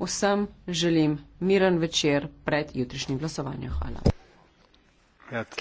Vsem želim miren večer pred jutrišnjim glasovanjem. Hvala.